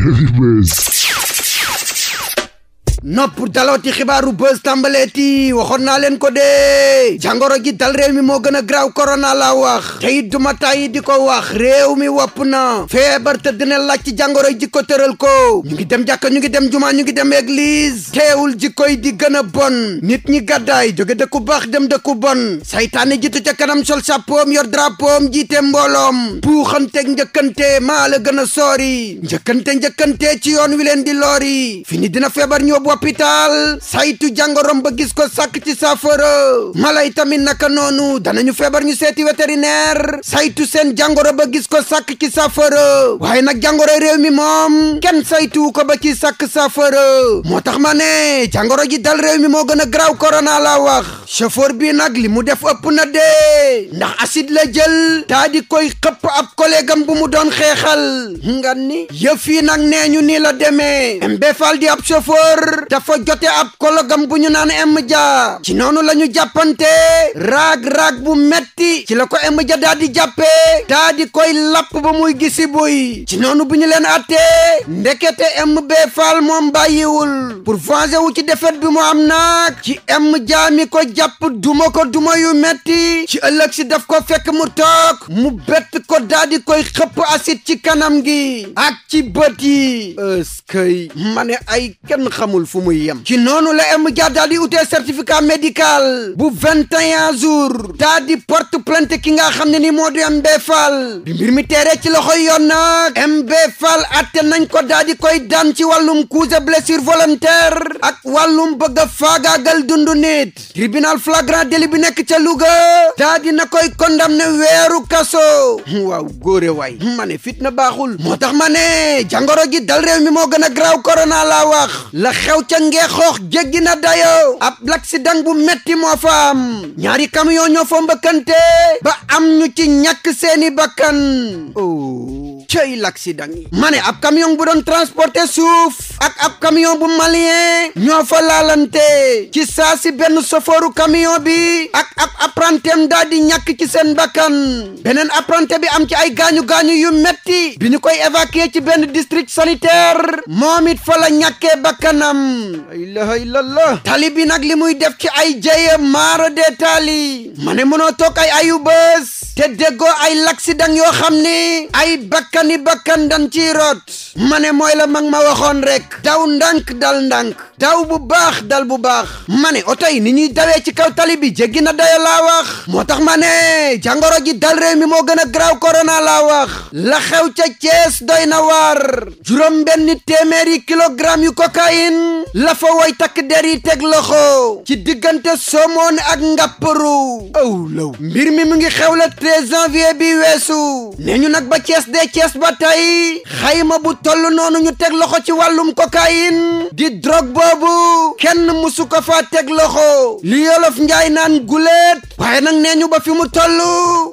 heavyweights nopp dalooti xibaaru buzz tàmbaleeti waxoon naa leen ko dee jàngoro ji dal réew mi moo gën a graaw korona la wax te it duma tàyyi di ko wax réew mi wopp na feebar te dina laaj ci jàngoro ji ko tëral ko ñu ngi dem ñu ngi dem jumaa ñu ngi dem église teewul jikko yi di gën a bon nit ñi gàddaay jóge dëkku baax dem dëkku bon saytaane jiitu ca kanam sol sapoom yor drapoom jiite mbooloom puuxante njëkkante maa la gën a soori njëkkante njëkkante ci yoon wi leen di loori fini dina feebar ñoo hôpital saytu jàngoroom ba gis ko sakk ci saafara mala yi tamit naka noonu danañu feebar ñu seeti vétérinaire saytu seen jàngoro ba gis ko sakk ci saafara waaye nag jàngoro réew mi moom kenn saytuwu ko ba ci sàkk saafara moo tax ma ne jàngoro ji dal réew mi moo gën a graw korona la wax chauffeur bi nag li mu def ëpp na dee ndax acide la jël daa di koy xëpp ab collègue bu mu doon xeexal nga nag nee ñu nii la demee Mbé Fall di ab chauffeur Dakar dafa jote ab kologam bu ñu naan em ja ci noonu la ñu jàppante raag-raag bu metti ci la ko em ja daa di jàppee daa di koy lapp ba muy gisi buy ci noonu bu ñu leen attee ndekete em bee faal moom bàyyiwul pour venger wu ci defet bi mu am nag ci em ja mi ko jàpp duma ko duma yu metti ci ëllëg si daf ko fekk mu toog mu bett ko daa koy xëpp acide ci kanam gi ak ci bët yi ëskëy ma ay kenn xamul fu muy yem ci noonu la M Dia daal di utee certificat médical bu vingt et di porte plainte ki nga xam ne ni moo di MB Fall bi mbir mi teeree ci loxoy yoon nag MB Fall atte nañ ko daal di koy daan ci wàllum coups et blessures volontaires ak wàllum bëgg a faagaagal dundu nit tribunal flagrant délit bi nekk ca Louga daal di na koy condamné weeru kaso waaw góore way ma ne fitna baaxul moo tax ma ne jangoro dal réew mi moo gën a graaw corona laa wax la xew xew ca ngeexoox jéggi na dayo ab l'accident bu metti moo fa am ñaari camion ñoo fa mbëkkante ba am ñu ci ñàkk seeni bakkan oh. cëy l'accident yi ma ne ab camion bu doon transporter suuf ak ab camion bu malien ñoo fa laalante ci saa si benn sofooru camion bi ak ab apprentem daa di ñàkk ci seen bakkan beneen apprenti bi am ci ay gaañu-gaañu yu metti bi ñu koy évacuer ci benn district sanitaire moom it fa la ñàkkee bakkanam la tali bi nag li muy def ci ay jëye maara de taali ma ne mënoo toog ay ayu te déggoo ay l'accident yoo xam ne ay bakkan bakkani bakkan dan ci root ma ne mooy la mag ma waxoon rek daw ndànk dal ndànk daw bu baax dal bu baax ma ne oto yi ni ñuy dawee ci kaw tali bi jéggi na dayo laa wax moo tax ma ne jàngoro ji dal réew mi moo gën a graaw korona laa wax la xew ca Cees doy na waar juróom benn téeméeri kilogramme yu cocaïne la fo woy takk der yi teg loxo ci diggante Somone ak Ngàpparu aw law mbir mi mu ngi xew la 13 janvier bi weesu nee ñu nag ba Cees dee Cees bees ba tey xayma bu toll noonu ñu teg loxo ci wàllum cocaïne di drogue boobu kenn musu ko faa teg loxo li yolof njaay naan guleet waaye nag nee ñu ba fi mu toll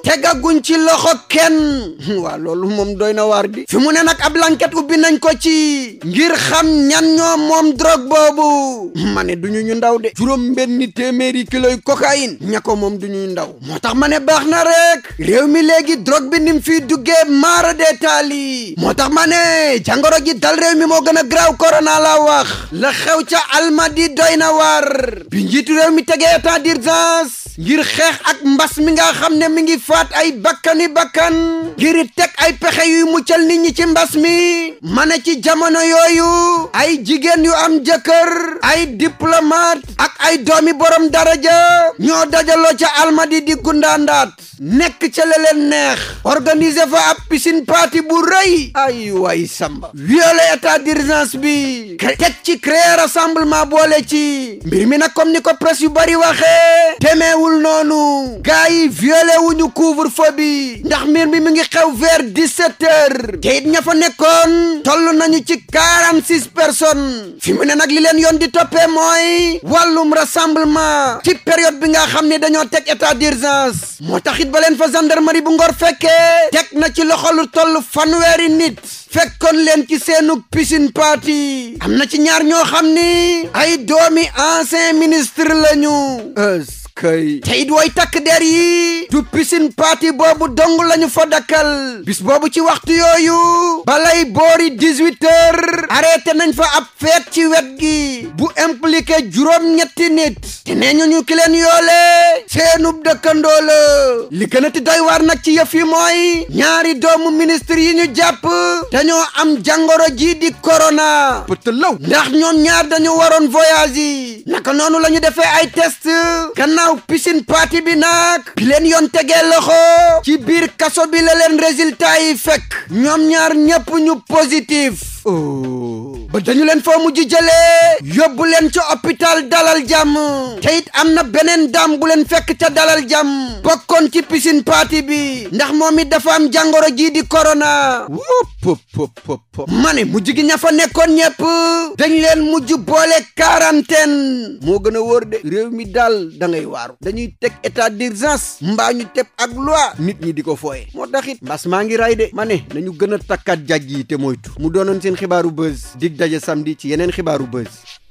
tegaguñ ci loxo kenn waa loolu moom doy na waar di fi mu ne nag ab lanket ubbi nañ ko ci ngir xam ñan ñoo moom drogue boobu ma ne du ñu ñu ndaw de juróom benni téeméeri kiloy cocaïne ña moom du ñu ndaw moo tax ma ne baax na rek réew mi léegi drogue bi nim duggee maara dee Italie moo tax mane ne jàngoro ji dal réew mi moo gën a graaw corona la wax la ca Almadi doy na war bi njiitu réew mi tegee état d'urgence ngir xeex ak mbas mi nga xam ne mi ngi faat ay bakkani bakkan ngir teg ay pexe yuy muccal nit ñi ci mbas mi ma ne ci jamono yooyu ay jigéen yu am jëkkër ay diplomate ak ay doomi borom daraja ñoo dajaloo ca almadi di gundaandaat nekk ca la neex organiser fa ab piscine party parti bu rëy ay way samba violé état d'urgence bi teg ci créer rassemblement boole ci mbir mi nag comme ni ko presse yu bari waxee wul noonu gars yi violé wuñu couvre feu bi ndax mbir mi mi ngi xew vers 17 heures te it ña fa nekkoon toll nañu ci 46 personnes fi mu ne nag li leen yoon di toppee mooy wàllum rassemblement ci période bi nga xam ni dañoo teg état d'urgence moo tax it ba leen fa gendarmerie bu ngor fekkee teg na ci loxolu toll tollu fanweeri nit fekkoon leen ci seenu piscine party am na ci ñaar ñoo xam ni ay doomi ancien ministre lañu kay teyit way takk der yi du piscine party boobu dong lañu fo dakkal bis boobu ci waxtu yooyu balay boori 18 heures arrêté nañ fa ab feet ci wet gi bu impliqué juróom-ñetti nit te nee ñu ñu ki leen yoole seenub dëkkandoo la li gën a ti nag ci yëf yi mooy ñaari doomu ministre yi ñu jàpp dañoo am jàngoro ji di corona pëtë law ndax ñoom ñaar dañu waroon voyage yi naka noonu la defee ay test gannaaw ginnaaw piscine party bi nag bi leen yoon tegee loxo ci biir kaso bi la leen résultat yi fekk ñoom ñaar ñëpp ñu positif oh. ba dañu leen foo mujj jëlee yóbbu leen ca hôpital dalal jàmm te am na beneen daam bu leen fekk ca dalal jàmm bokkoon ci piscine party bi ndax moom it dafa am jàngoro jii di corona wóop ma ne mujj gi ña fa nekkoon ñëpp dañu leen mujj boole quarantaine moo gën a wóor de réew mi daal da ngay waaru dañuy teg état d'urgence mbaa ñu teg ak loi nit ñi di ko fooye moo taxit mbas maa ngi ray de ma ne nañu gën a takkaat jaj yi te moytu mu doonoon seen xibaaru buzz dig daje samedi ci yeneen xibaaru buzz.